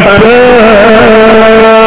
Thank you.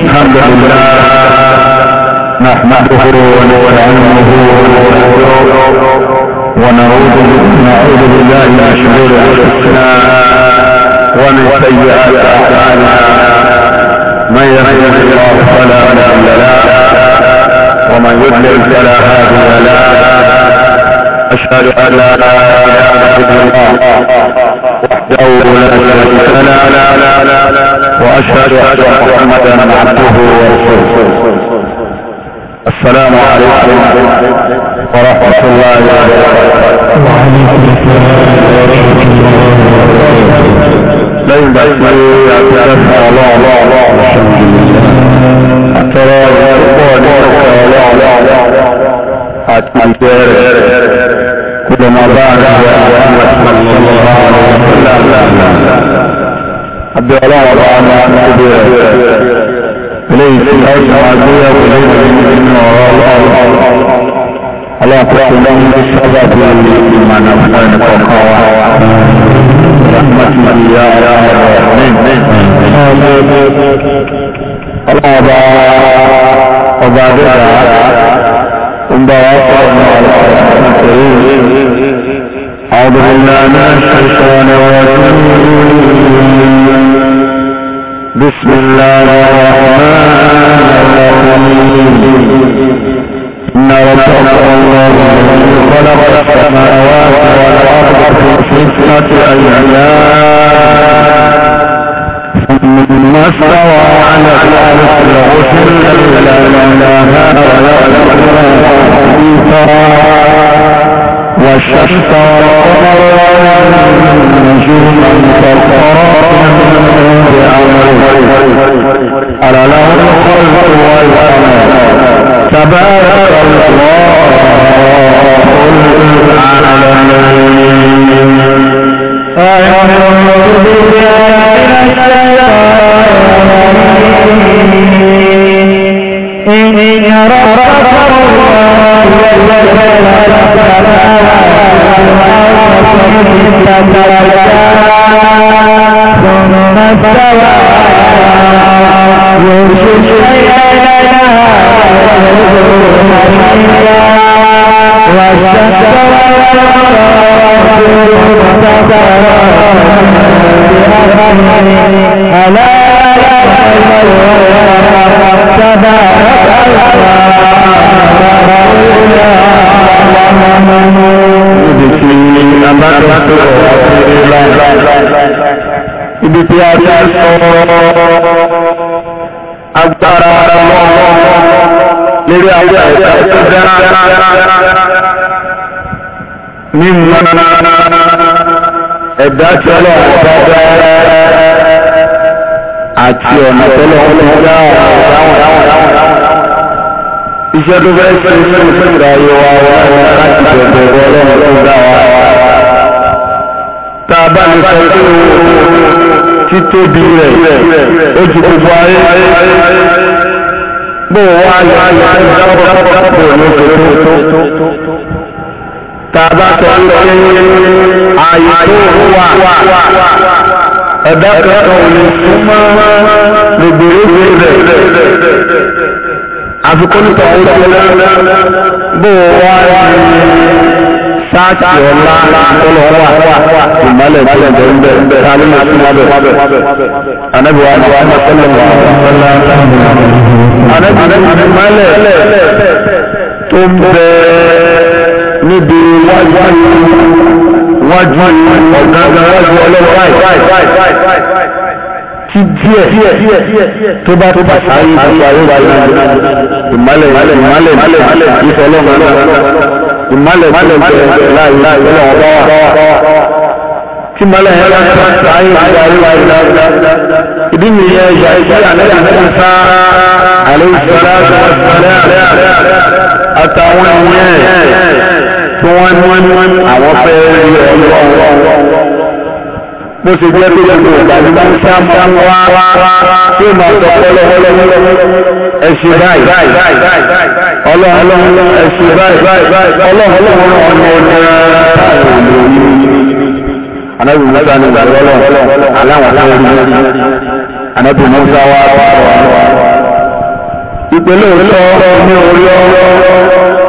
الحمد لله نحمده ونعلمه ونعوذ نعوذ بالله من شرور انفسنا ومن سيئات اعمالنا من يهده الله فلا مضل له ومن يضلل فلا هادي له اشهد ان لا اله الا الله وحده لا شريك له واشهد ان محمدا عبده ورسوله السلام عليكم ورحمه الله وبركاته وعليكم السلام ورحمه الله وبركاته لا يمكن ان تكفى الله الله الله ترى الله الله الله الله ولمبارك صلى الله عليه وسلم عبد الله وعلى كبير ليس الأجمع عزيز وليس من وراء الله أكبر لهم بالشباب لما نفعل فوقها رحمة يا رب العالمين الله أبا أبا عند واقع أعوذ بالله من الشيطان الرجيم بسم الله الرحمن الرحيم إن ربك الله خلق السماوات والأرض في ستة أيام ما استوى على العرش يغسل الليل والنهار والشمس والقمر والنجوم مسخرات بأمره ألا له الخلق والأمر تبارك الله Amen. torí àwọn ẹ̀ka tó dára mímú ẹ̀dá tí ọlọ́run bá dá àti ọ̀nà tọ́lọ́run dá iṣẹ́ tó fẹ́ ṣe fún ìṣẹ́ra ayé wa wá láti bẹ̀rẹ̀ bẹ̀rẹ̀ ọlọ́run dá wa. tá a bá lè sọ pé títóbi rẹ̀ ó ju gbogbo ayé bó wá yọ dábọ̀dábọ̀ ní tòótó tàbá sọ pé ààyè tó wà ẹ̀dá kankan ò lè súnmọ́ lògbèrègbè rẹ̀ àfikún nípa owó tó bó wá yọ táàkì ọ̀la tọ́lọ̀ wà ìmọ̀lẹ̀ tó ń bẹ̀ ń bẹ̀ tàbí lè fún wa bẹ̀. Ànábì wa máa ń tẹ́lẹ̀ wà sọ́lá. Ànábì ìmọ̀lẹ̀ tó ń bẹ níbi wájú wájú ọ̀gángan wájú ọlọ́wọ́ báyìí ti díẹ̀ tó bá tó bá sáré ìgbàlódé ìmọ̀lẹ̀ ìmọ̀lẹ̀ ìfọlọ́mọ náà ìmọ̀lẹ̀ tó ń bẹ láàyè ìpínlẹ̀ wọn bá wà. tí mọ́lẹ̀ yẹn bá ń ta ayé ìgbà ayé ìgbà ìdí mi yẹ ìyá ìyá àlẹ́yà ń sá àlẹ́ ìṣẹ́lá àtàwọn ìyẹn tí wọ́n ní àwọn fẹ́ rí ọlọ́run bó ṣe jẹ́ pé gbogbo ìgbà ni wọ́n ń sá mọ́ wá tí ó máa sọ pẹ́lẹ́pẹ́lẹ́ ẹ ṣe báyìí ọlọ́run ẹ ṣe báyìí ọlọ́run ọ̀nà ọ̀nà anabi musa ni ọlọ́run aláwọ̀ tó rí anabi musa wá ìpínlẹ̀ òótọ́ ní orí ọ̀rọ̀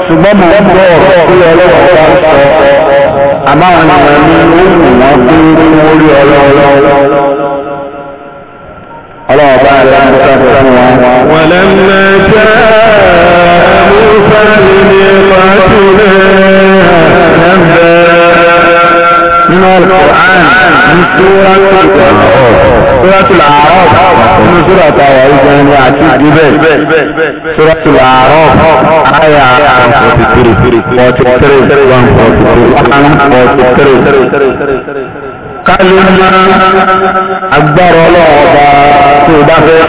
ṣùgbọ́n mo ń bọ̀ ọ̀rọ̀ pé ọlọ́run bá ń sọ àmọ́ àwọn ènìyàn ní ó wù wọ́n pé orí ọlọ́run ọlọ́wọ́ bá rẹ̀ ń sọ fún wọn. wọ́n lè mẹ́ jẹ́ musa ní pàtúlẹ̀ ẹ̀mẹ́. nínú alukur'an ní sóra sóra tó làárọ̀ nínú sóra tó àwọn ìgbọ̀n ní àti ìdíbẹ̀ sóra tó làárọ̀ àyà one forty three forty three one forty three one forty three ká ló ní agbára ọlọ́run ọba tó o bá fẹ́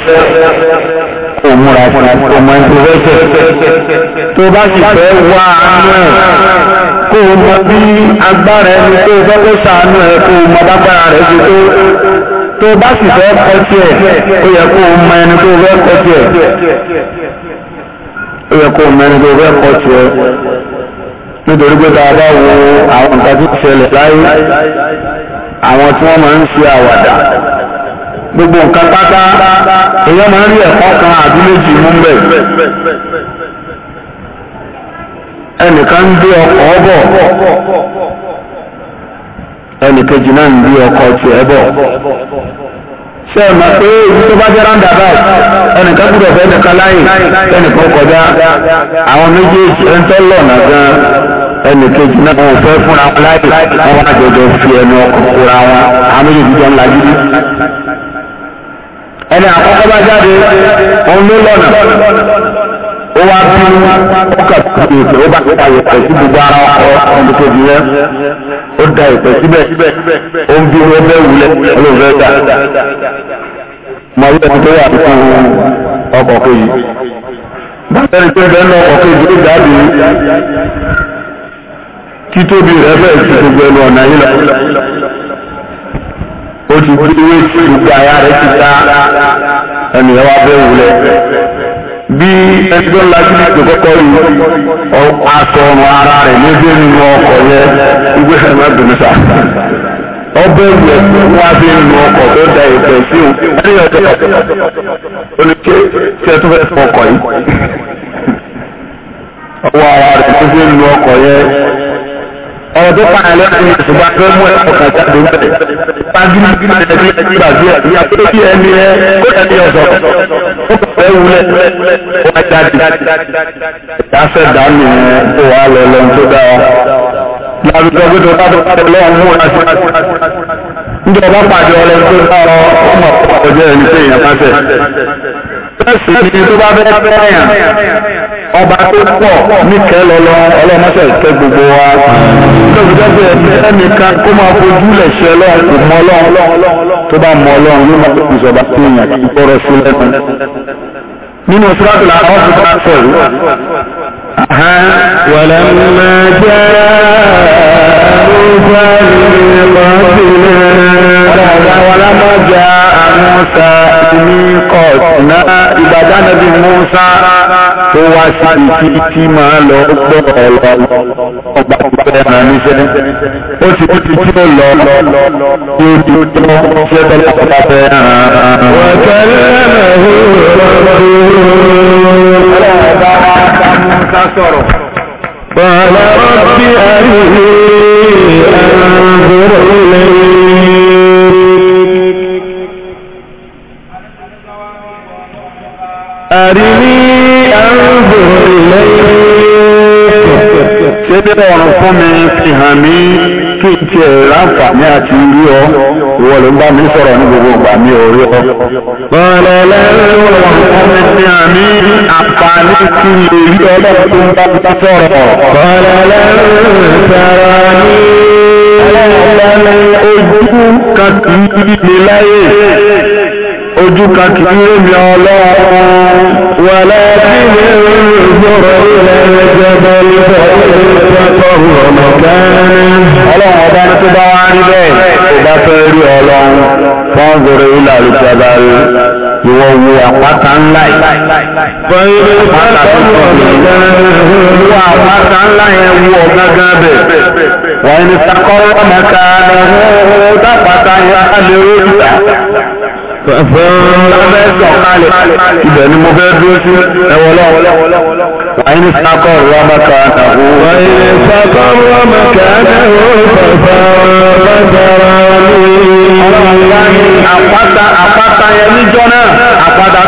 kò múra fún ọmọ ẹgbẹ́ fẹ́ tó o bá sì fẹ́ wá àánú ẹ̀ kó o mọ bí agbára ẹni tó o fẹ́ kó sàánú ẹ̀ kó o mọ bágbára rẹ̀ fi tó tó bá sì fẹ́ kọ́ tiẹ̀ ó yẹ kó o mọ ẹni tó fẹ́ kọ́ tiẹ̀ ó yẹ kó o mọ ẹni tó fẹ́ kọ́ tiẹ̀ nítorí pé tá a bá wo àwọn nǹkan tó ṣẹlẹ̀ láyé. àwọn tí wọ́n máa ń ṣe àwàdà gbogbo nǹkan pátá èèyàn máa ń rí ẹ̀kọ́ kan àbí mú bẹ́ẹ̀ ẹnìkan ń gbé ọkọ̀ bọ̀ ẹnìkejì náà ń gbé ọkọ̀ tiẹ̀ bọ̀ ṣe é mọ̀ pé ibi tó bá jẹ́ round about ẹnìkan gbúdọ̀ fẹ́ ẹnìkan láyè ẹnìkan kọjá ẹnì kejì náà wọn ò fẹ́ fúnra wọn láì wọn wá jọjọ fi ẹnu ọkọ̀ kóra wọn àwọn méjèèjì jọ ń lajú ní. ẹni àkọ́kọ́ bá jáde òun ló lọ́nà ó wá bí ọkọ̀ tó ìpè ó bá pa ìpè sí gbogbo ara ọkọ̀ ẹni kejì yẹn ó da ìpè síbẹ̀ ó ń bí wọn bẹ́ẹ̀ wulẹ̀ olóòfẹ́ dà mọ̀ wípé tó yà fún ọkọ̀ kejì báyìí ẹni bẹ́ẹ̀ náà ọkọ̀ kejì ó jáde títóbi bi bẹ́ẹ̀ sí ọ̀nà yìí lọ. ti gbogbo àyà ti ta ẹnu bí ẹgbẹ́ lajú ní kọ́kọ́ yìí aṣọ ọ̀run ara rẹ̀ ní nínú ọkọ̀ yẹn ìgbé ẹ̀mọ́ ẹ̀dùnmí sá. ọbẹ̀ wulẹ̀ wá sí nínú ọkọ̀ tó da o ẹni ọ̀tọ̀ fẹ́ fọkọ̀ yìí. ọwọ́ ara rẹ̀ tó ọ̀rọ̀ tó fà lẹ́nu ṣùgbọ́n tó mú ẹ̀kọ́ kàtà tó bẹ̀rẹ̀. Pagídígídí ẹ̀rí gbàgbé ẹ̀yà tó bí ẹni ẹ kó ẹni ọ̀sọ̀ ó kọ̀ọ̀fẹ́ wulẹ̀ ó wá jáde. Ìyáfẹ́ dànù tó wà lọ lọ tó dáa. Lábùtọ́ gbé tó dábò pàdé lọ́wọ́ mú wọn sí. Ndé ọba pàdé ọlẹ́ tó dáa ọmọ ọ̀pọ̀ ẹni tó yẹn Tẹ́sí ni tó bá fẹ́ bẹ́yàn. Ọba tó pọ̀ níkẹ́ lọ́lọ́ ọlọ́mọṣẹ́ ìkẹ́ gbogbo wa. Lọ́gbẹ́dẹ́gbẹ́ ẹnìkan kó máa fojú lẹ̀ ṣe ọlọ́run kò mọ ọlọ́run. Tó bá mọ ọlọ́run ló máa tóbi sọ̀bá sí ìyàn kí tọrọ sí lẹ́nu. Nínú Sọ́dọ̀ làwọn ولما جاء موسى لميقاتنا ولما جاء Musa ní kọ̀ọ̀tùná ìgbà tánàbí Musa tó wá sí ìtí tí máa lọ gbọ́ ọ̀rọ̀ ọgbà pípẹ́ ara níṣẹ́. Ó ti ó ti tí ó lọ lọ tí ó ti tó ṣẹ́ tó lọ́pọ̀ pẹ́ ara. Wọ́n tẹ́lẹ̀ mẹ́rin قال رب أرني أنظر إليك àrírí àrùnbò lẹ́yìn ṣébí ọ̀run fún mi fi hàn mí kí n tiẹ̀ láǹfààní àti rí ọ ìwọ ló ń bá mi sọ̀rọ̀ ní gbogbo ìgbà mi ò rí ọ. bọ́ọ̀lù ọlọ́run ọ̀run fún mi fi hàn mí àǹfààní kí n lè rí ọlọ́run tó ń bá mi sọ̀rọ̀. bọ́ọ̀lù ọlọ́run sọ̀rọ̀ ní ọlọ́run ojú kan kì í lè láyè ojú kan kì í rí ọlọ́run wà láti lè gbọ́rọ̀ ilẹ̀ ẹgbẹ́ lọ́pọ̀ ìrìnàjò ọmọ kẹrin. ọlọ́run ọba ní tó bá wá rí bẹ́ẹ̀ kò bá fẹ́ rí ọlọ́run wọ́n gbọ́rọ̀ ilẹ̀ àlùjáde rí ìwọ wo àpáta ńlá yìí. àpáta tó tóbi wo àpáta ńlá yẹn wo ọ̀gángan bẹ̀. wọ́n ní sakọ́rọ́ mọ̀ká ni yẹn á lè rí ibẹ̀ ni mo fẹ́ dúró sí ẹwọ́lọ́ wàyí ní sákọ̀ rọ́mọ́kà àtàkù wàyí ní sákọ̀ rọ́mọ́kà àtàkù fàfà ọlọ́gbàrá ní àpáta àpáta yẹn níjọ́ náà àpáta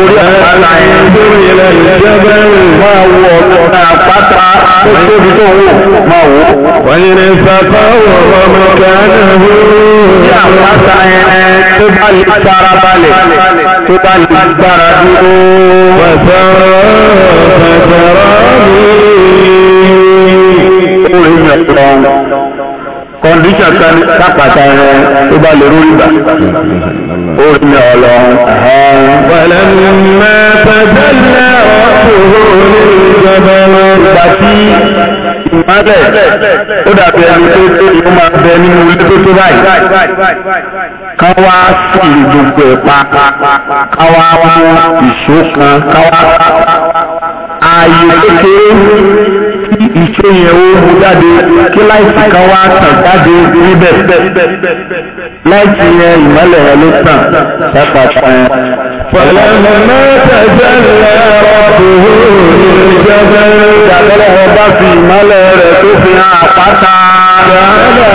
orí àpáta yẹn lórí ilẹ̀ ìjẹ́bẹ́ máa wọ ọ̀tọ̀ àpáta tó tóbi tó wò máa wò. wọ́n yẹn ní sàkọ́ ọ̀rọ̀ ọmọkẹ́ náà wò. ní àpáta yẹn tó bá lè gbára balẹ̀ tó bá lè gbára dúró. pẹ̀sẹ̀ pẹ̀sẹ̀ rọ́ọ̀mù. ó rí ìyẹn lọ́wọ́ kọndíṣàn kan kápákà rẹ tó bá lè rúrí gbà ó rí ní ọlọ. Bàlámà tẹ̀sílẹ̀ ọ̀ṣọ́rọ̀ ní ìjọba ìgbà tí ìmọ̀lẹ̀ ó dàbí ẹni tó tó ìlú máa bẹ nínú ilé tó tó báyìí. Ká sí gbogbo ẹ̀ pa, wá wá ìṣó kan, kékeré ìṣe yẹn ó mú jáde kí láìsí kan wá tàn jáde níbẹ̀ láìsí yẹn ìmọ́lẹ̀ yẹn ló tàn sápà tàn. Fọlọ́mọ mẹ́ta sẹ́lẹ̀ ọ̀bùhù ìjọba ìjàpọ̀lọ̀ ọba fi ìmọ́lẹ̀ rẹ̀ tó fi hàn àpáta.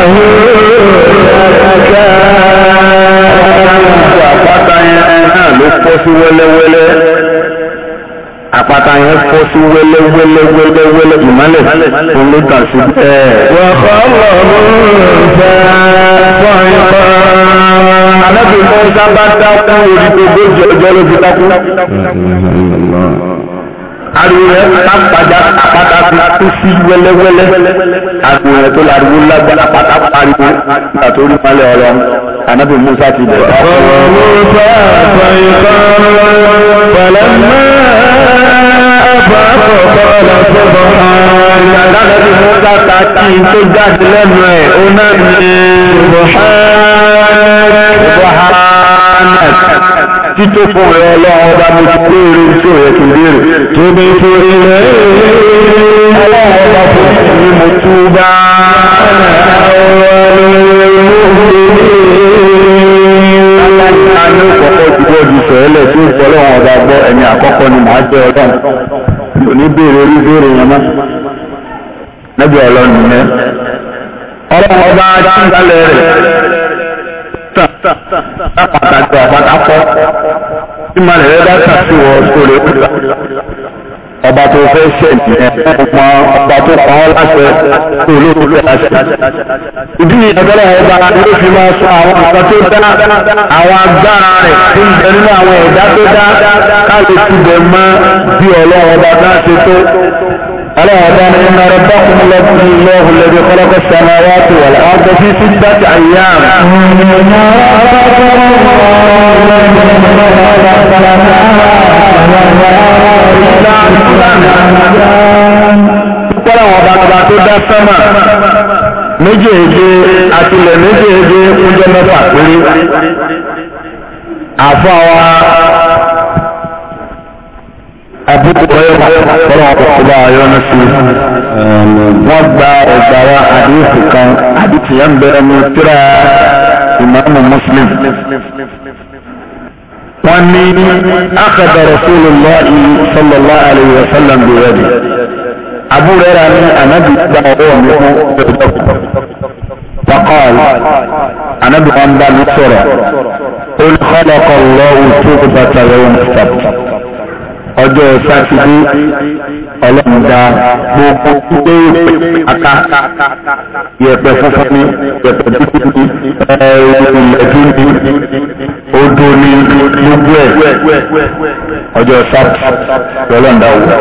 Ìjọba ìjọba àpáta yẹn náà ló pọ̀ sí wẹ́lẹ́wẹ́lẹ́ àpáta yẹn fọ́ sí wẹ́lẹ́wẹ́lẹ́wẹ́lẹ́ ìmọ́lẹ̀ fún ló tà sí. wọ́pọ̀ lọ́rùn fẹ́ fọ́nfọ́. alábì mọ́sá bá dákú orí tó gbójú ọjọ́ ló fi dákú. ariwo yẹn pápájà àpáta ti kú sí wẹ́lẹ́wẹ́lẹ́. àgbò yẹn tó lariwo lágbára àpáta pariwo àtòrí malẹ̀ ọlọ́run anabi musa ti bẹ̀rẹ̀. ọ̀rọ̀ musa fàyíkọ́ pẹ̀lẹ́mẹ́ àfàkọ́ kọ́lá tó bọ̀ hàn. lánàbí musa ta kí n tó jáde lẹ́nu ẹ̀ ó náà ní buhari tító fún rẹ ọlọ́run ọba mo ti béèrè tí ò yẹ kí n béèrè. tóbi tó ilé ọlọ́run ọba fún mi mo tú bá ọ̀rọ̀ ọ̀rọ̀. fẹ́ẹ́lẹ̀ tí ó gbọ́ lọ́wọ́ ọba gbọ́ ẹni àkọ́kọ́ ni màá jẹ́ ọlọ́run kò ní béèrè orí béèrè yẹn mọ́ níbi ọlọ́run yẹn ọlọ́run ọba tíńkálẹ̀ rẹ̀ tàn lápàtàkì àpàtàkọ́ tí màlẹ̀ rẹ̀ bá tàn sí wọ́ọ́ sórí ó ọba tó fẹ́ ṣẹ̀lẹ̀ ọmọ ọba tó kọ́ láṣẹ tó ló tó fẹ́ láṣẹ. ìdí ìdọ́gbẹ́lẹ̀ ọba ló fi máa sọ àwọn nǹkan tó dá àwọn agbára rẹ̀ tó ń bẹ nínú àwọn ẹ̀dá tó dá káàlù ti bẹ̀ mọ́ bí ọlọ́run ọba náà ṣe tó. ألا إن ربكم الذي الله الذي خلق السماوات والأرض في ستة أيام. إن ربكم الله الذي خلق السماوات kpọrọ wọn bàbá tó dá sọ́mà méjèèjì àtìlẹ̀ méjèèjì kúnjẹ́ mẹ́fà péré. Àfọ́ àwa àbúkù ọ̀yọ́ pọ́lá wọn kò bá ayọ́ ní sí. Wọ́n gba kan àdìtìyàn bẹ̀rẹ̀ tíra wọ́n ní akada Rasulullahi sallallahu alayhi wa sallam bi yadi Abu Hurairah ní anabi gba ọwọ́ mi fún ọ̀dọ́kùnrin wàkọ́ọ̀lù anabi wọn bá mi sọ̀rọ̀ olùkọ́lọ́kọ̀ lọ́wọ́ tó kó bàtà lọ́wọ́ mọ́tàbí ọjọ́ sátidé ọlọ́run dá gbogbo gbogbo ata yẹ̀pẹ̀ funfun ni yẹ̀pẹ̀ dúdú ni ẹ̀ẹ́dùn lẹ́dùn ni. tó ní gbogbo ẹ̀ ọjọ́ sátì lọ́lọ́ndà wò.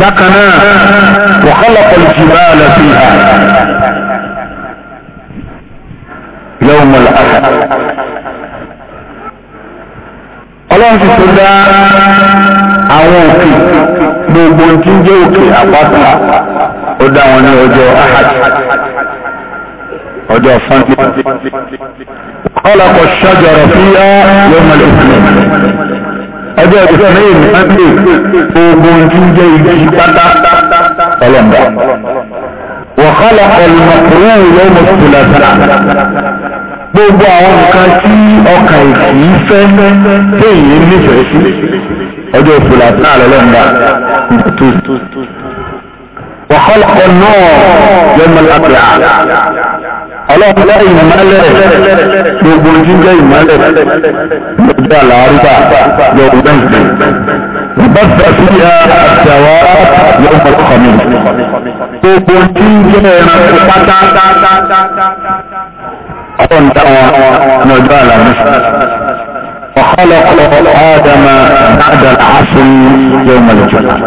bákan náà wàhálà pọ̀lìtì máa lọ sí ìhà yóò mọ̀ lọ́kàtà. ọlọ́run ti tó dá àwọn òkè gbogbo tí ń jẹ́ òkè àpáta ó dá wọn ní ọjọ́ ọjọ́ sunday kọ́lákọ̀ ṣájọrọ̀ sí á lọ́mọlẹ̀ ọjọ́ ìsẹ́yìn sunday ogun tí ń jẹ́ igi pátá ọlọ́mbà wọ̀kọ́lákọ̀ lọ́kùnrin lọ́mọ tùlàtà gbogbo àwọn nǹkan tí ọkàn ìkì í fẹ́ téèyàn nífẹ̀ẹ́ sí ọjọ́ tùlàtà lọ́lọ́mbà wọ̀kọ́lákọ̀ náà lọ́mọlẹ́ ọlọ́pàá ìmọ̀lẹ̀ gbogbo jíjẹ́ ìmọ̀lẹ̀ lọ́jọ́ àlàáríbà yọ̀wù bẹ́ẹ̀ bàbá sí àtàwà yọ̀wù kọ̀mí gbogbo jíjẹ́ ẹranko pátá ọ̀ǹda wọn lọ́jọ́ àlàáríbà وخلق آدم بعد العصر يوم الجمعة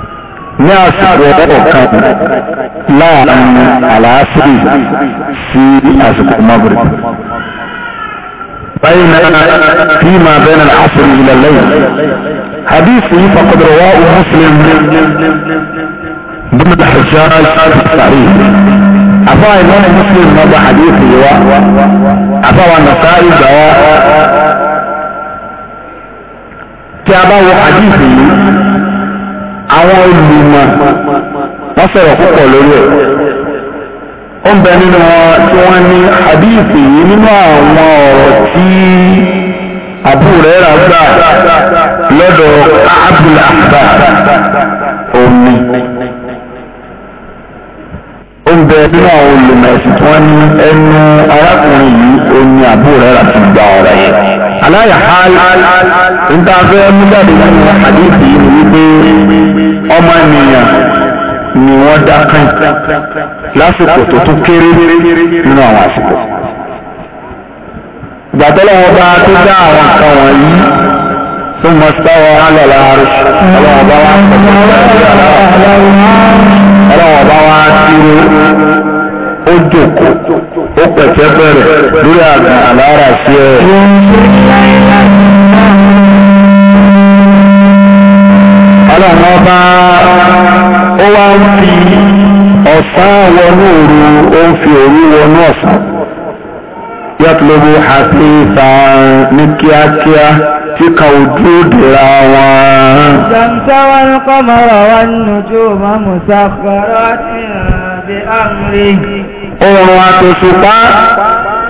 ní àsìkò ọ̀kan láàrin àlàáfíì sí àsìkò magrib بين فيما بين العصر الى الليل حديث فقد رواه مسلم ضمن الحجاج في التاريخ عفا امام مسلم مضى حديث و عفا النسائي دواء تابعوا حديثه àwọn olùmọ̀ wọ́n sọ̀rọ̀ púpọ̀ lórí ẹ̀ ó ń bẹ nínú wọn tí wọ́n ní hadith yìí nínú àwọn ọ̀rọ̀ tí Abu Hurairah gbà lọ́dọ̀ Abdul Abbas omi ó ń bẹ nínú àwọn olùmọ̀ẹ̀sìn tí wọ́n ní ẹnu arákùnrin yìí ó ní àbúrò rẹ̀ láti gba ọ̀rọ̀ yẹn. aláyà hàl níta fẹ́ mú jáde nínú àdéhùn yìí wípé ọmọ ènìyàn ni wọ́n dá kàn lásìkò tó tún kéré nínú àwọn àsìkò. ìgbà tọ́lọ́wọ́ bá tó dá àwọn nǹkan wọ̀nyí tó mọ̀ sáwọ́ alẹ́ ọlọ́wọ́ bá wà pọ̀ bẹ̀rẹ̀ lórí àgbà àlàárà sí ẹ̀. ọlọ́run ọba ó wá ń fi ọ̀sán wọnú òru ó ń fi òru wọnú ọ̀sán yàtúlógún àti ìsàn ní kíákíá tí ka ojú dìra wọn. Ṣàmsá wa ń kọ́mọ̀rọ̀ wa nínú jù máa mú sáfàrọ́ àti ìrìnàjò àmúrí. Oòrùn àtòṣùpá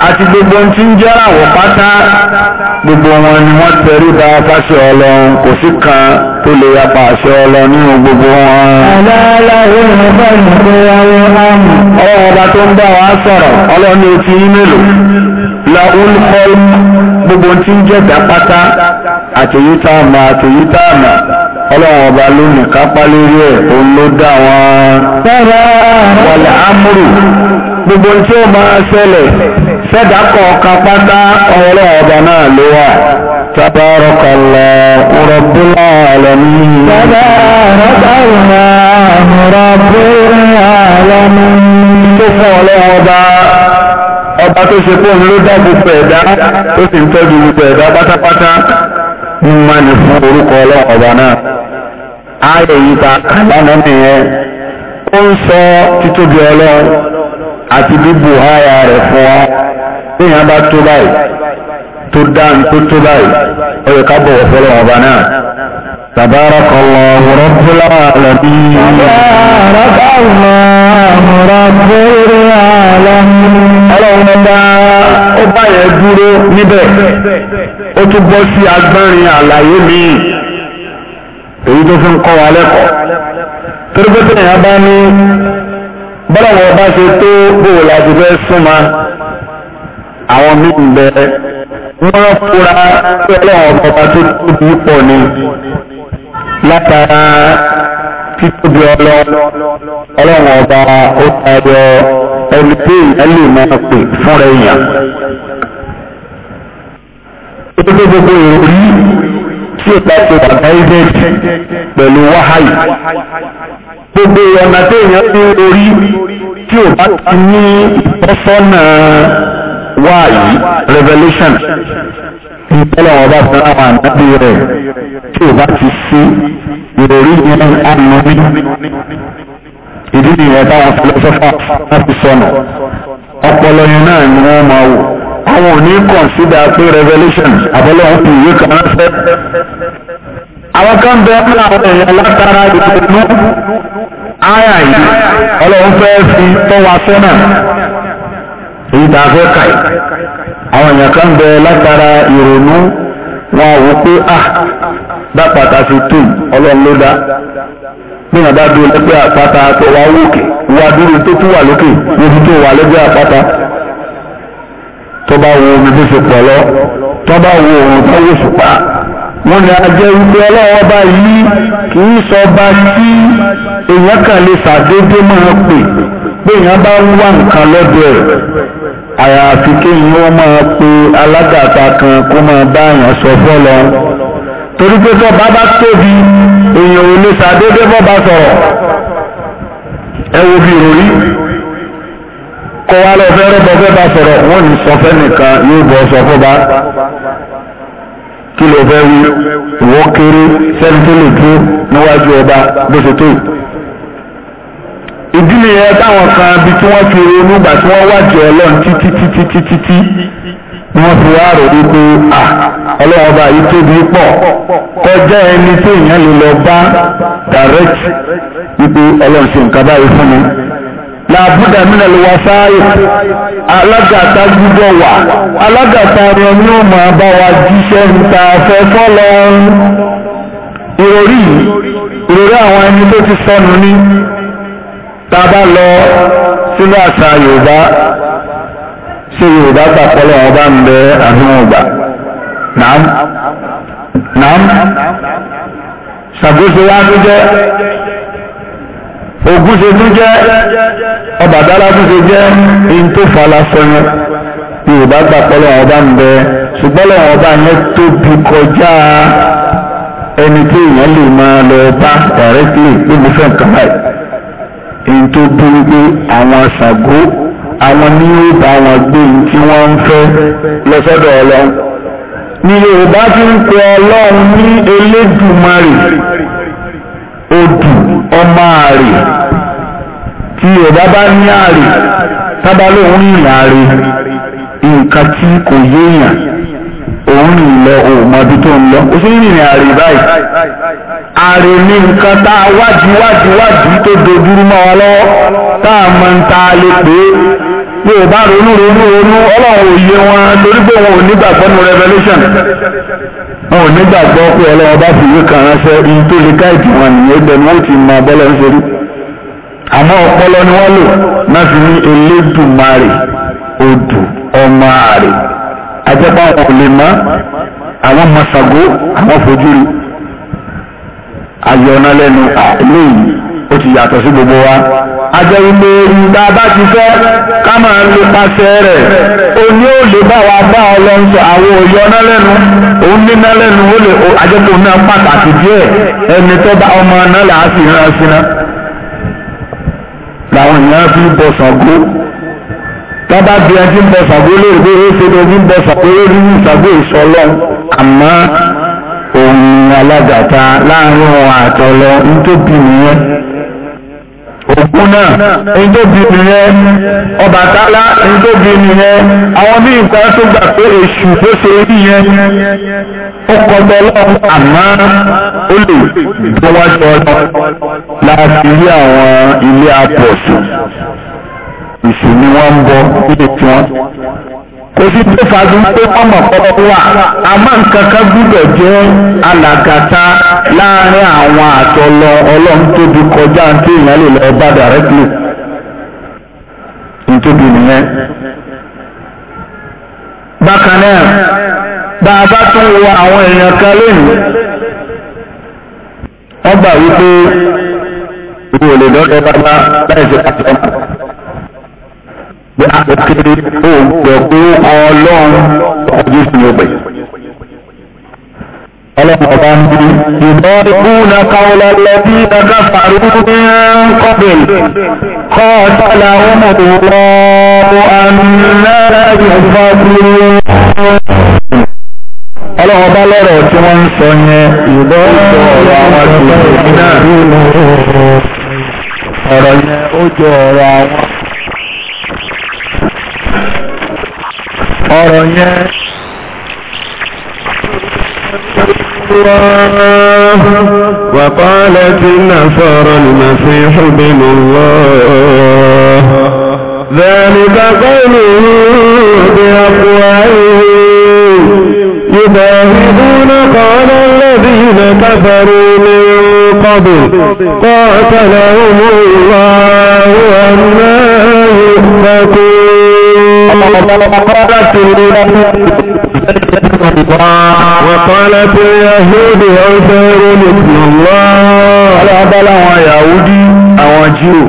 àti gbogbo ohun tí ń jẹ́ra wọ̀ pátá gbogbo wọn ni wọ́n tẹrí ba fáṣẹ ọlọ́run kò sí kan tó lè yapa àṣẹ ọlọ́run nínú gbogbo wọn. aláàláwò ní báyìí pé ọlọ́run ọba ló nìkan pa lórí ẹ̀ òun ló dá wọn. sábà wàlẹ̀ amúrù gbogbo tí ó máa ṣẹlẹ̀ fẹ́dà kọ̀ọ̀kan pátá ọ̀rọ̀ ọ̀dà náà ló wà تبارك الله رب العالمين تبارك الله رب العالمين ọba tó ṣe fún ló dá gbogbo ẹ̀dá tó sì ń tọ́jú gbogbo ẹ̀dá pátápátá ń má ní fún orúkọ ọlọ́run ọba náà ààrẹ yìí ta kàlánà nìyẹn ó ń sọ títóbi ọlọ́run àti bíbu háyà rẹ̀ fún wa téèyàn bá tó báyìí tó dá tó tó báyìí ó yẹ ká bọ̀wọ̀ fọ́lọ́ ọba náà. تبارك الله رب العالمين تبارك الله رب العالمين ọlọ́run bá ó báyẹ̀ dúró níbẹ̀ ó tún bọ́ sí agbẹ́rin àlàyé míì èyí tó fi ń kọ́ wa lẹ́kọ̀ọ́ torí pé tẹ̀yìn abá ní bọ́lọ̀wọ̀ bá ṣe tó bò láti fẹ́ súnmọ́ àwọn míì bẹ wọ́n fúra pẹ́lọ́wọ̀n ọba tó tóbi pọ̀ ni látara títóbi ọlọ́wọ̀n ọba ó ẹni tí ìyẹn lè máa pè gbogbo ìrí tí ìpàtò bàbá ibẹ̀ pẹ̀lú gbogbo ọ̀nà tí èèyàn ń tí ò bá ti ní ọ̀sọ́nà wáyé revelation ìtọ́lọ̀wọ̀ bá fún àwọn ànábì rẹ̀ tí ò bá ti sí ìròrí yẹn àmì ìdí nìyẹn táwọn fẹlẹsọfà láti sọnù ọpọlọ yẹn náà ni wọ́n máa wò àwọn ò ní kọ̀nsídà pé revelation àbọ̀lọ́wọ́n fi ìwé kan ránṣẹ́ àwọn kan bẹ́ẹ̀ fún àwọn èèyàn látara ìdùnnú áyà yi ọlọ́run fẹ́ fi tọ́ wa sọ́nà èyí tá a fẹ́ kà àwọn èèyàn kan bẹ látara ìrònú wọn pé ah, à tó ọlọ́run ló dá níwọ̀n bá dúró lẹ́gbẹ́ àpáta tó wá wókè wá dúró tó tún wà lókè tó wà lẹ́gbẹ́ àpáta tó bá wo omi ṣe pọ̀ lọ tó bá wo òun wọ́n ní ajẹ́ wípé ọlọ́wọ́ bá yìí kì í sọ bá tí èèyàn kan lè ṣàdédé máa pè pé èèyàn bá ń wá nǹkan lọ́dọ̀ ẹ̀ àyàfi kéèyàn wọ́n máa pe alágàta kan kó máa bá èèyàn sọ fọ́lọ́ torí pé tó bá bá tóbi èèyàn ò lè ṣàdédé bọ́ bá sọ̀rọ̀ ẹ wo bí ròrí kọ́ wa lọ fẹ́ rọ́bọ̀ fẹ́ bá sọ̀rọ̀ wọ́n ní sọ fẹ́ nìkan yóò bọ̀ sọ fọ́ bá kí ló fẹ́ wí ìwọ kéré sẹ́ni tó lè níwájú ọba bó tó ìdí nìyẹn táwọn kan bí tí wọ́n fi ronú gbà tí wọ́n wájú ọlọ́run títí títí títí tí wọ́n fi wá rò wípé à ọlọ́run ọba yìí tóbi pọ̀ kọjá ẹni tó èèyàn lè lọ bá direct wípé ọlọ́run ṣe nǹkan báyìí fún mi làbúdà mìíràn ló wá sáàyè alágàtà gbúdọ̀ wà alágàtà rẹ ni ó máa bá wa jíṣẹ́ níta fẹ́ fọ́lọ́ ìròrí ìròrí àwọn ẹni tó ti sọnù ní tá a bá lọ sínú àṣà Yorùbá ṣé Yorùbá gbà pọ́lọ́ wọn ń bẹ àdúgbò nàám nàám ṣàgbéṣe wá ló jẹ́ ogun ṣe tún jẹ́ Ọbàtálá tún ṣe jẹ́ in tó fara sọyún yorùbá gbà pọ́lọ́ àwọn ọba ń bẹ ṣùgbọ́n lọ́wọ́ ọba yẹn tóbi kọjá ẹni tí èèyàn lè máa lọ bá directly pé mo fẹ́ nǹkan báyìí in tó burú pé àwọn ṣàgó àwọn ní yóò wọn gbé in tí wọ́n ń fẹ́ lọ́sọ́dọ̀ ọlọ́run ni yorùbá fi ń pe ọlọ́run ní Elédùmarè odù ọmọ àrè tí ọba bá ní àrè tábà lóun rìnrìn àrè nǹkan tí kò yéèyàn òun ní ilẹ̀ òun tó ń lọ ó sì rìnrìn báyìí àrè ní nǹkan tá a tó dojúrú mọ́ wa lọ́wọ́ tá a mọ ń ta lè pé bí bá ronú ronú wọn ò nígbàgbọ́ pé ọlọ́wọ́ bá fi ìwé kan ránṣẹ́ iye tó lè káìdì wọn nìyẹn bẹ̀rù wọn ti mọ bọ́lá ń ṣerú àmọ́ ọpọlọ ni wọ́n lò náà fi ní elédùnmarè odù ọmọ àrè ajẹ́pá wọn ò lè mọ́ àwọn mọ̀ṣàgó àwọn fojúrí ayọ̀nà lẹ́nu àlẹ́ yìí. ó ti yàtọ̀ sí gbogbo wa ajẹ́ ilé ìgbà bá ti fẹ́ ká máa lè rẹ̀ ó ní ó lè bá wa bá ọ lọ sọ àwọn òye ọ̀nà lẹ́nu òun níná lẹ́nu ó lè ajẹ́kọ̀ọ́ náà pàtàkì díẹ̀ ẹni tó bá ọmọ náà là á sì rán sí náà làwọn èèyàn fi bọ̀ sàgó tọ́ba bí ẹni ń bọ̀ sàgó ó ṣe ń bọ̀ sàgó lórí ìsàgó àmọ́ òun alágàta òkú náà ní tó bí nìyẹn Ọbàtálá ní tó bí nìyẹn àwọn bí nǹkan tó gbà pé èṣù tó ṣe rí yẹn ó kọjọ lọ́wọ́ àmọ́ ó lè tó wá jọ lọ láti rí àwọn ilé apọ̀sù ìṣù ni wọ́n ń bọ níbi tí wọ́n kò sí tó fàájú pé ọmọ pọ́pọ́ wà àmọ́ nǹkan kan gbúdọ̀ jẹ́ alàgàtà láàrin àwọn àtọlọ ọlọ́run tóbi kọjá tí èèyàn lè lọ bá directly nítòbí nìyẹn. bákan náà bá a bá tún wo àwọn èèyàn kan lónìí wọ́n gbà wípé ìwòlè dọ́dọ̀ bàbá láì ṣe pàtàkì pé àpẹẹrẹ òǹgbẹ pé ọlọ́run ọdún sí ọgbẹ. ọlọ́run ọba ń bí ìbọ́dúnà káwọlá lẹ́bí dàgbà fàrú ní kọ́bìn kọ́ ọ̀dọ́là ọmọ òwúrọ̀ àmìlára ìfọ́ ọlọ́run ọba lọ́rọ̀ tí wọ́n ń sọ yẹn ìbọ́ ìjọ àwọn àti ìrìn náà ọ̀rọ̀ yẹn ó jọ ọ̀rọ̀ àwọn الله وقالت النصارى المسيح بن الله ذلك قوله بأقوائهم يباهدون قال الذين كفروا من قبل قاتلهم الله أنا يؤفكون وقالت وقالت اليهود عزير ابن الله ولا بلا يهودي او جيو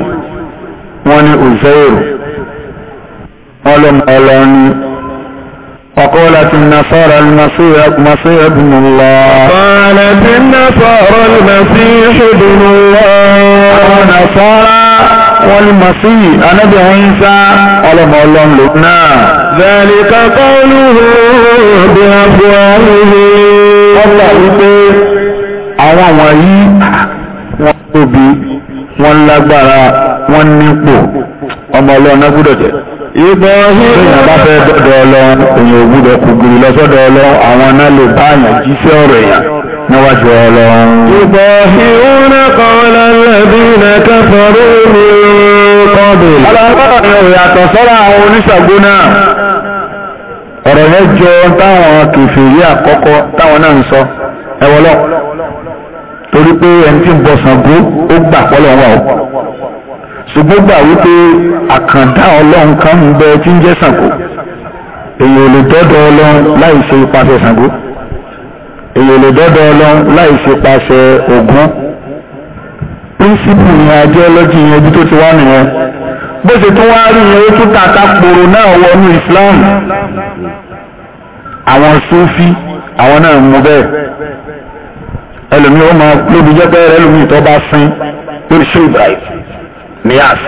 وني عزير ولم وقالت النصارى المسيح مسيح ابن الله قالت النصارى المسيح ابن الله ونصارى والمسيح أنا بعيسى على الله لنا ذلك قوله بأفواهه الله يقول àwọn wọ̀nyí wọ́n tóbi wọ́n lágbára wọ́n nípò ọmọ ọlọ́run gbúdọ̀ jẹ́ ìbọ̀hìn bá fẹ́ dọ́dọ̀ ọlọ́run èèyàn ò gbúdọ̀ kùgùrù lọ́sọ́dọ̀ ọlọ́run àwọn náà lè bá àyàn jíṣẹ́ ọ̀rọ̀ èèyàn níwájú ọlọ́run. Ìbọ̀hìrúnà kọ́lá lẹ́bí na kẹfọ́rú ní kọ́bìl. Ọlọ́run ni ò yàtọ̀ sọ́rọ̀ àwọn oníṣàgbó náà. Ọ̀rọ̀ yẹn jọ táwọn kèfèrí àkọ́kọ́ táwọn náà ń sọ ẹwọ́lọ́. Torí pé ẹni tí ń bọ Ṣàngó ó gbà pọ́lọ̀ wà Ṣùgbọ́n gbà wípé àkàndá ọlọ́run kan ń bẹ tí ń jẹ́ Ṣàngó. Èyí ò lè dọ́dọ̀ ọlọ́run láì ipasẹ̀ Ṣàngó èyàn lè dọ́dọ̀ ọlọ láì ṣe pàṣẹ ògún píńsípù ní ajẹ́ọ́lọ́jì yẹn ojú tó ti wá nìyẹn bó ṣe tún wá rí yẹn ó tún tàka kpòrò náà wọnú Islam àwọn Sufi àwọn náà mú bẹ́ẹ̀ ẹlòmíì ó máa lóbi jẹ́ pé ẹlòmíì tó bá sin lórí ṣé ìbáyìí níyàsí.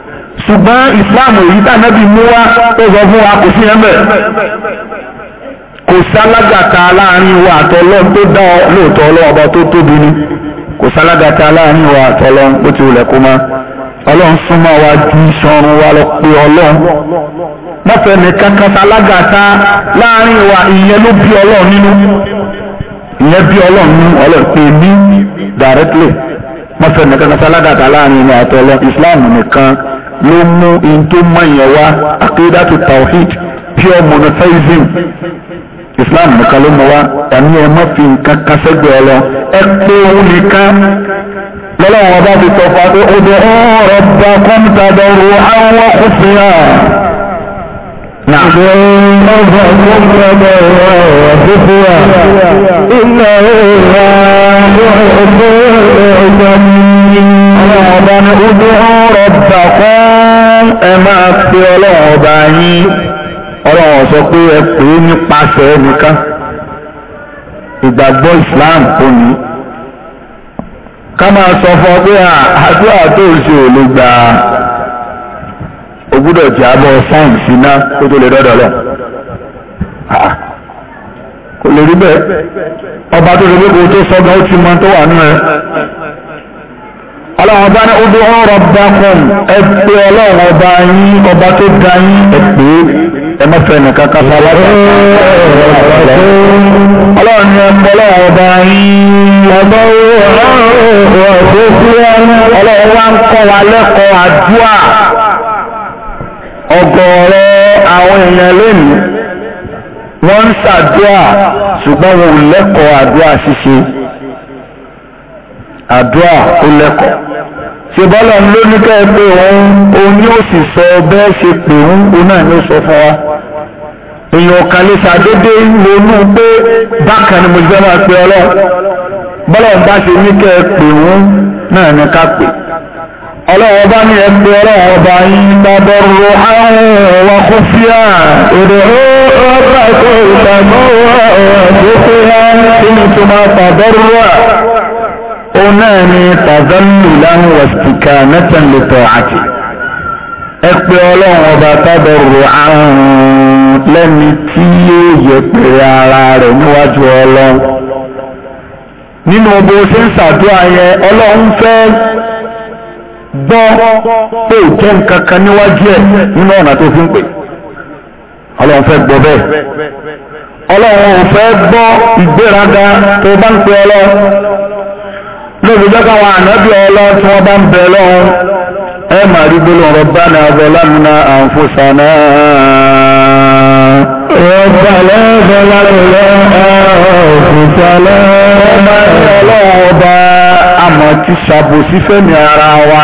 ṣùgbọ́n islam èyí tànàbí mú wá tó sọ fún wa kò sí ẹ̀mẹ̀ kò sálágàta láàrin wa àtọlọ́n tó dá lóòtọ́ ọlọ́ọba tó tóbi ní kò sálágàta láàrin wa àtọlọ́n ti kó má wa lọ pé ọlọ́run mọ́fẹ́ sálágàta láàrin wa ìyẹn ló bí ọlọ́run nínú ìyẹn bí ọlọ́run nínú ọlọ́run pé ní directly mọ́fẹ́ sálágàta láàrin wa ló mú in tó mọ̀yàn wá akédàtú tawhid pure monotheism islam nìkan ló mọ̀ wá ẹ̀mí ẹ̀ má fi nǹkan kan sẹ́gbẹ̀ẹ́ ọ lọ ẹ pé òun nìkan lọ́lọ́wọ́ bá fi sọ fún wa pé odò ọ̀rọ̀ bá kọ́ńtà dọ̀rọ̀ àwọn kùsùnà. ربكم وخفيا إنه لا يحب العباد máa pe ọlọ́run ọba yín ọlọ́run sọ pé ẹ pè é nípasẹ̀ ẹnìkan ìgbàgbọ́ Islam tó ní ká máa sọ fún ọ pé àdúrà tó ń ṣe ò lè gbà á o gbúdọ̀ jẹ́ abọ́ kó tó lè dọ́dọ̀ lọ kò ọba tó lè gbé kó tó sọ́gbà ó ti mọ tó wà ọlọ́run ọba ní odò ọ̀rọ̀ bá kùn ẹ pé ọlọ́run ọba yín ọba tó dá yín ẹ pé ẹ mẹ́fẹ́ nìkan ká sá lábẹ́ ọlọ́run ní ọlọ́run ọba yín ọba ọlọ́run wa ń kọ́ wa lẹ́kọ̀ọ́ àdúrà ọ̀gọ̀ọ̀rọ̀ àwọn èèyàn lónìí wọ́n ń ṣàdúrà ṣùgbọ́n wọn ò lẹ́kọ̀ọ́ àdúrà ṣíṣe àdúrà ó lẹ́kọ̀ọ́ ṣe bọ́lá ń ló ní kẹ́ ẹ pé òun òun yóò sì sọ bẹ́ẹ̀ ṣe pé òun òun náà ni ó sọ fún wa èèyàn kan lè ṣàdédé lónú pé bákan ni mo ti máa pe ọlọ́ bọ́lá ń bá ṣe ní kẹ́ ẹ òun náà ni ká pè ọlọ́wọ́ bá ní ẹgbẹ́ ọlọ́wọ́ bá yìí tàbọ̀rọ̀ àwọn ọwọ́ kó fí à èdè ọ̀rọ̀ ọ̀rọ̀ ìtàgbọ́ ọ̀rọ̀ tó fẹ́ ó náà ni wa istikanatan li ta'ati ẹ pé ọlọ́run tadarruan lẹ́ni tí yóò yẹpẹrẹ ara rẹ̀ níwájú ọlọ́run nínú bó ṣe ń ṣàdúrà yẹn ọlọ́run fẹ́ gbọ́ pé ìjẹ́ nǹkan kan níwájú ẹ̀ nínú ọ̀nà tó fi ń pè ọlọ́run fẹ́ gbọ́ bẹ́ẹ̀ ọlọ́run ò fẹ́ gbọ́ ìgbéraga lóbi jọ́ka wọn ànábì ọlọ́ tí wọ́n bá ń bẹ lọ́wọ́ ẹ máa rí gbólóhùn Rabbana zalamna anfusana. Rabbana zalamna anfusana. ọmọ ẹni ọlọ́run ọba àmọ́ ti ṣàbòsí fẹ́mi ara wa.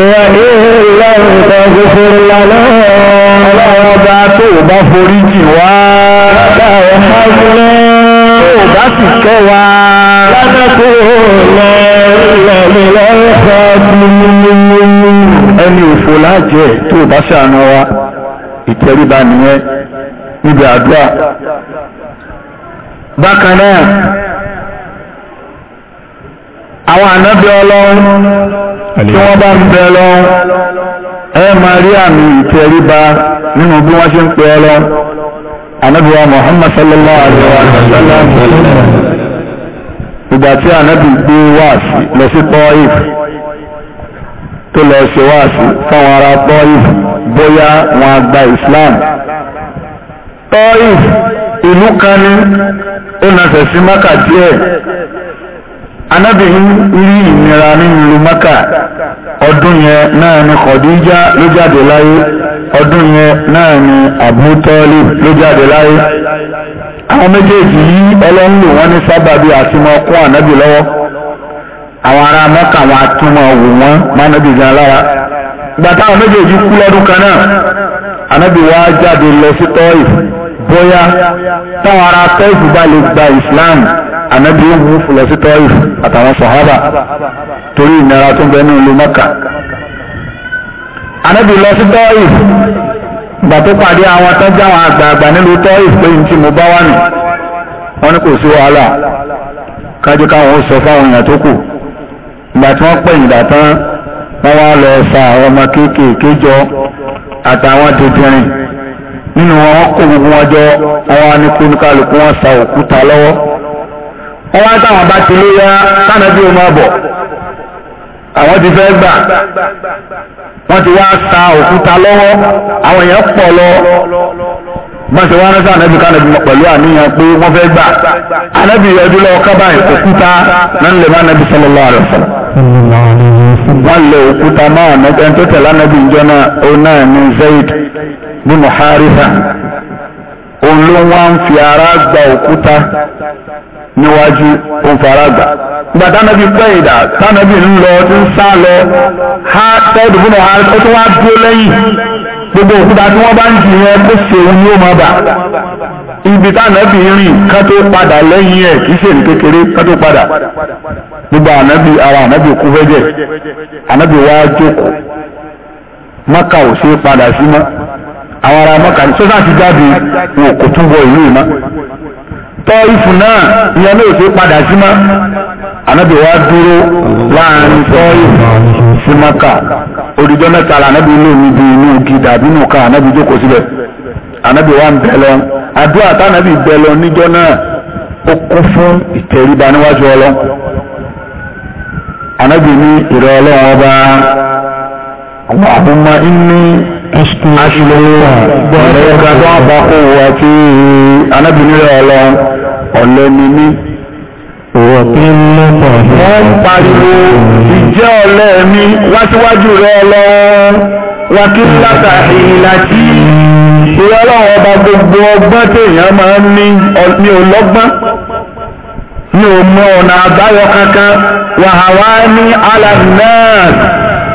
ìwà ìlà ìtọ́jú fún lọ́nà. ọlọ́run ọba tó o bá forí jì wá. ọlọ́run ọba tó o bá forí jì wá. bá sì kẹwàá. lábẹ́kọ̀ lọ ìlọ̀lẹ̀ lọ́sọ̀ ẹni òfò láàjẹ́ tó bá ṣàánú wa ìtẹríba nìyẹn níbi àdúrà. bákan náà àwọn ànábì wọ́n bá ń bẹ lọ́run ẹ máa rí àmì ìtẹríba nínú ànábì wa Muhammad sallallahu alaihi wa sallam ìgbà tí ànábì gbé wáàsí lọ sí Taif tó lọ ṣe wáàsí fáwọn ará Taif bóyá wọn gba Islam Taif ìlú kan ní ó na fẹ̀sí Mákà anábìrin rí ìnira nílùú maka ọdún yẹn náà ni kọ̀díjà ló jáde láyé ọdún yẹn náà ni Abu Talib ló àwọn méjèèjì yìí ọlọ́run lò wọ́n ní sábàbí àtúmọ̀ kún ànábì lọ́wọ́ àwọn ará mọ́kà wọn àtúmọ̀ wò wọ́n mánábì gan lára ìgbà táwọn méjèèjì kú lọ́dún kan náà ànábì wá jáde lọ sí tọ́ìf bóyá táwọn ará tọ́ìf bá lè gba ìsìláàmù ànábì ń mú lọ sí tọ́yì àtàwọn sọ̀hábà torí ìnira tó ń bẹ ní ìlú mẹ́kà ànábì lọ sí tọ́yì ìgbà tó pàdé àwọn tó jáwọn àgbààgbà nílùú tọ́yì pé ní tí mo bá wà nù wọn ní kò sí wàhálà kájú káwọn ó sọ fáwọn èèyàn tó kù ìgbà tí wọ́n pè ìgbà tán wọ́n wá lọ sa àwọn ọmọ kéékèèké jọ àtàwọn dìdìrín nínú wọn kó gbogbo wọn jọ àwọn anìkúnikálukú wọn sa òkúta lọ́wọ́ wọ́n wá táwọn bá ti lé yá sáànà bí àwọn ti fẹ́ gbà wọ́n ti wá sa òkúta lọ́wọ́ àwọn èèyàn pọ̀ lọ bọ́n ṣe wá rán sáà pẹ̀lú àníyàn pé wọ́n fẹ́ gbà ànẹ́bí na nleba kábà òkúta náà wọ́n òkúta máa ẹni tó tẹ̀lé níwájú ó ń fara gbà ìgbà tánábì pẹ́ ìdà tánábì ń lọ tí ń sá lọ ha tẹ́ẹ̀dù fún ọ̀hán ó tún wá dúró lẹ́yìn gbogbo òkúta tí wọ́n bá ń jì yẹn kó ṣeun ni ó máa bà ibi tánábì rìn ká tó padà lẹ́yìn ẹ̀ kì í ṣe ní kékeré ká tó padà gbogbo ànábì ara ànábì kú fẹ́jẹ̀ ànábì wá jókòó mọ́kà ò ṣe padà sí mọ́ àwọn ará mọ́kà ní sọ́dá ti jáde wọn kò tún ìlú ìmọ̀. tọ́ ìfù náà ìyẹn náà fi padà sí wa dúró láàrin tọ́ sí mọ́kà olùjọ́ mẹ́ta la ànábì inú mi bí inú gidà bínú ká jókòó síbẹ̀ anabi wa ń bẹ lọ àdúrà tánábì bẹ lọ níjọ́ náà ó kún fún ìtẹríba níwájú ọlọ́ ànábì ní ọba anabi ọ̀lẹ́ ni mí wọ́n pariwo ìjẹ́ ọ̀lẹ́ mi wáṣíwájú rẹ ọlọ́run wákìláta ìlàtí ìrẹ́ ọlọ́run ọba gbogbo ọgbọ́n tèèyàn máa ń ní ní ọlọ́gbọ́n ní òmọ ọ̀nà àbáyọ kankan ní alàmẹ́ẹ̀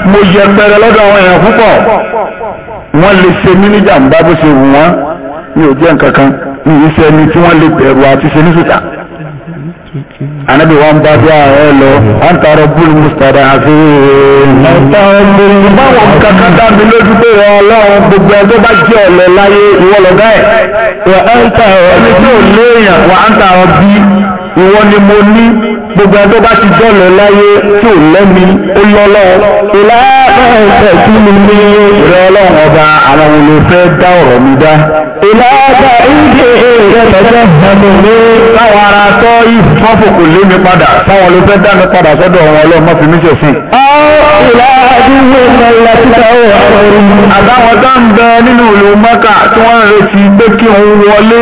mo yẹpẹrẹ lọ́dọ̀ àwọn èèyàn púpọ̀ wọ́n lè ṣe mí bó ṣe wù wọ́n. mi ò jẹ́ ní iṣẹ́ ni tí wọ́n lè bẹ̀rù àti ṣe ní sùtà anabi wa bá bí ààrẹ lọ wọn tààrọ mùsùlùmí àfi. ọ̀tàrọ̀ báwọn kankan dábì lójú pé wọn ọlọ́run gbogbo ẹgbẹ́ bá jẹ́ ọ̀lẹ́ láyé ìwọ ẹ̀. wọ́n ń ẹni tí ò léèyàn bí ìwọ ni mo ní. gbogbo ẹjọ́ bá ti jọ́nà láyé tí ò lẹ́mi ó lọ́lọ́ ìlàáfẹ́ tí mi ní rẹ ọlọ́run ọba àwọn olùfẹ́ dá ọ̀rọ̀ mi dá. ìlàáfẹ́ ìdí ìrẹsẹ̀ ẹnu mi táwọn ará tọ́ ìfọ́fòkò lé mi padà táwọn olùfẹ́ dá mi padà sọ́dọ̀ ọ̀run ọlọ́run má fi mí ṣẹ̀ sí. àtàwọn tó ń bẹ nínú ìlú mọ́kà tí wọ́n ń retí pé kí òun wọlé.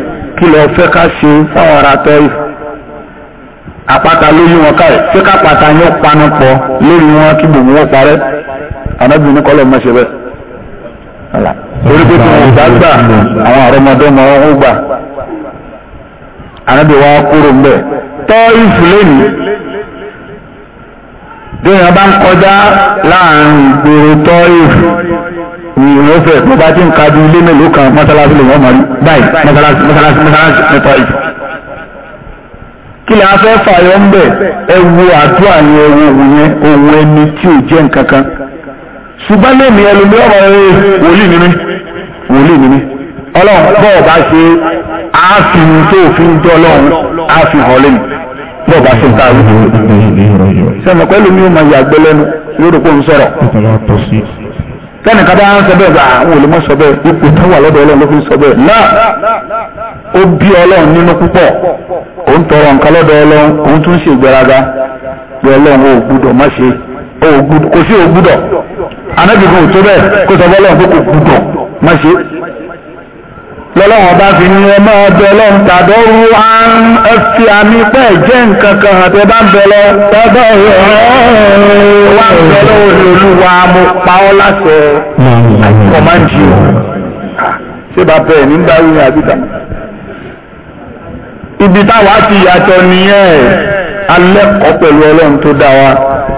kí lọ fẹ́ ká ṣe fáwọn ará tọ́yì àpáta ló yí wọn káyì ṣé kápáta yẹn panu pọ̀ lórí wọn kí gbogbo wọn parẹ́ ànábì ní kọ́lọ̀ mọ́ ṣe bẹ́ẹ̀ torí pé kí wọn bá gbà àwọn àrọmọdọ́mọ wọn gbà ànábì wa kúrò mbẹ tọ́yì fúlẹ́nì bí wọn bá ń kọjá láàrin ìgboro tọ́yì fúlẹ́nì. ìrìn ọ̀fẹ́ tó bá ti ń ka ju ilé mélòó kan mọ́sálásí lè wọ́n mọ̀ rí báyìí mọ́sálásí mọ́sálásí mọ́sálásí kí lè afẹ́ fààyọ ń bẹ̀ ni ẹni tí ò jẹ́ nǹkan kan. ṣùgbọ́n lèmi ẹlòmí ọ̀rọ̀ ẹ wòlíì ni wòlíì ọlọ́run bọ́ọ̀ bá ṣe tó jọ lẹ́nu bọ́ọ̀ bá ṣe ń tẹ́nì kan bá ń sọ bẹ́ẹ̀ bá àwọn olùmọ̀ sọ bẹ́ẹ̀ ipò tó wà lọ́dọ̀ ọlọ́run ló fi sọ bẹ́ẹ̀ náà ó bí ọlọ́run nínú púpọ̀ ó ń tọrọ nǹkan lọ́dọ̀ ọlọ́run òun tún ṣe ìgbéraga bí ọlọ́run ò gbúdọ̀ má ṣe kò sí ò gbúdọ̀ anábìkan ò tó bẹ́ẹ̀ kó sọ bọ́ọ̀lọ́run pé kò gbúdọ̀ má ṣe lọ́lọ́wọ́ bá fi ní ẹ máa bẹ lọ́n tàbí ń fi àmì pẹ́ jẹ́ nǹkan kan àti bá ń rẹ̀ wá ń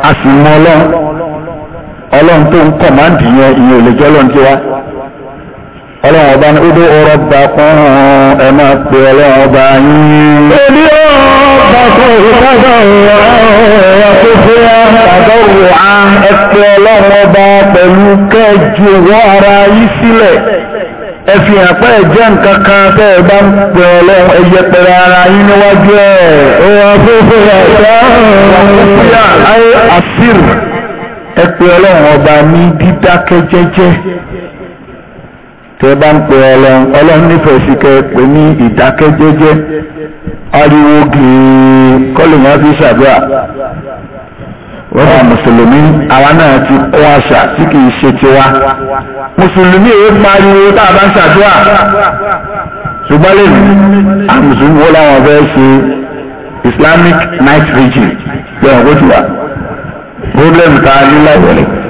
a sì mọ ọlọ́run ọlọ́run tó ń ìyẹn ò ọlọ́run ọba ní odò ọ̀rọ̀ bá fún ẹ máa pe ọlọ́run ọba yín. ebi ọba fún ìtajà ìwà ọ̀rọ̀ tó fi àtàkọ́ wà ẹ pe ọlọ́run ọba pẹ̀lú kẹjù wọ́ ara yín sílẹ̀ ẹ fi hàn pé tẹ́ ẹ ń pe ọlọ́run ẹ yẹpẹrẹ ara yín níwájú ẹ̀. ọ̀rọ̀ tó tẹ́ bá ń pe ọlọ́run ọlọ́run nífẹ̀ẹ́ sí kẹ́ pé ní ìdákẹ́jẹ́jẹ́ ariwo gèè kọ́lùmọ́ fi ṣàdúrà wọ́n bá mùsùlùmí àwa náà ti kọ́ àṣà tí kìí ṣe tiwa mùsùlùmí èyí pariwo tá a bá ń ṣàdúrà ṣùgbọ́n lè àmùsùlùmí wo làwọn fẹ́ ṣe Islamic night vigil bí ọ̀gọ́tù problem ta ní láìwọlé.